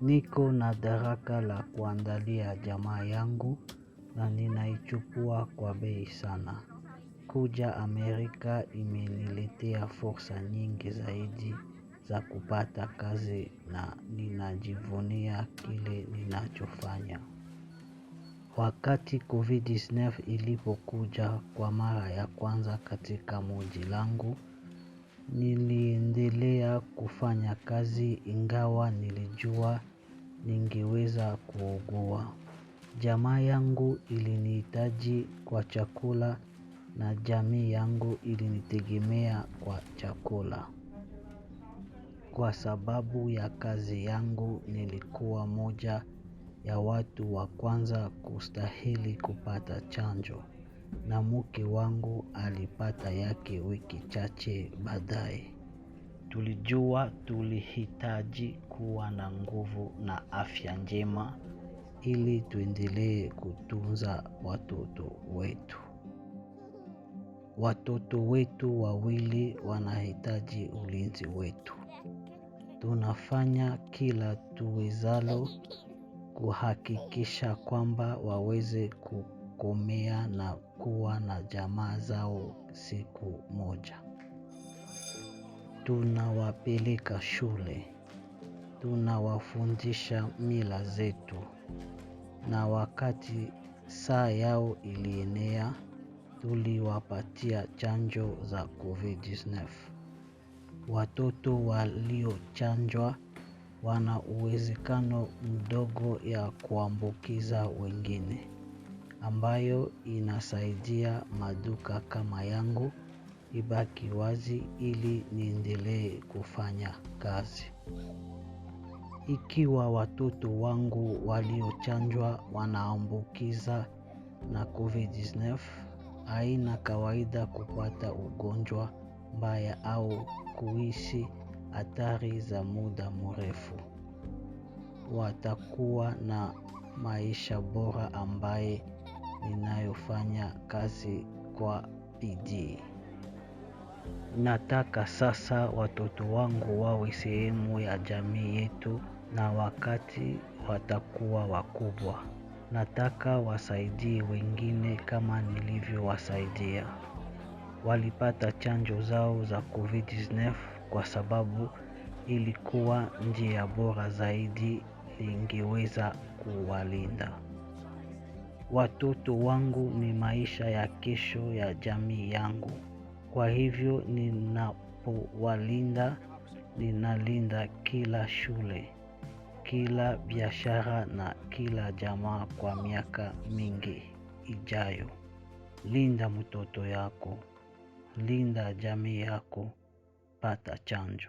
Niko na daraka la kuandalia jamaa yangu na ninaichukua kwa bei sana. Kuja Amerika imeniletea fursa nyingi zaidi za kupata kazi na ninajivunia kile ninachofanya. Wakati COVID-19 ilipokuja kwa mara ya kwanza katika muji langu, niliendelea kufanya kazi ingawa nili jua ningeweza kuugua. Jamaa yangu ilinihitaji kwa chakula na jamii yangu ilinitegemea kwa chakula. Kwa sababu ya kazi yangu nilikuwa moja ya watu wa kwanza kustahili kupata chanjo na mke wangu alipata yake wiki chache baadaye. Tulijua tulihitaji kuwa na nguvu na afya njema ili tuendelee kutunza watoto wetu. Watoto wetu wawili wanahitaji ulinzi wetu. Tunafanya kila tuwezalo kuhakikisha kwamba waweze kukomea na kuwa na jamaa zao siku moja. Tunawapeleka shule, tunawafundisha mila zetu, na wakati saa yao ilienea, tuliwapatia chanjo za COVID-19. Watoto waliochanjwa wana uwezekano mdogo ya kuambukiza wengine, ambayo inasaidia maduka kama yangu ibaki wazi ili niendelee kufanya kazi. Ikiwa watoto wangu waliochanjwa wanaambukiza na COVID-19, haina kawaida kupata ugonjwa mbaya au kuishi hatari za muda mrefu. Watakuwa na maisha bora ambaye ninayofanya kazi kwa bidii. Nataka sasa watoto wangu wawe sehemu ya jamii yetu, na wakati watakuwa wakubwa, nataka wasaidie wengine kama nilivyowasaidia. Walipata chanjo zao za COVID-19 kwa sababu ilikuwa njia bora zaidi ingeweza kuwalinda. Watoto wangu ni maisha ya kesho ya jamii yangu. Kwa hivyo ninapowalinda, ninalinda kila shule, kila biashara na kila jamaa kwa miaka mingi ijayo. Linda mtoto yako, linda jamii yako, pata chanjo.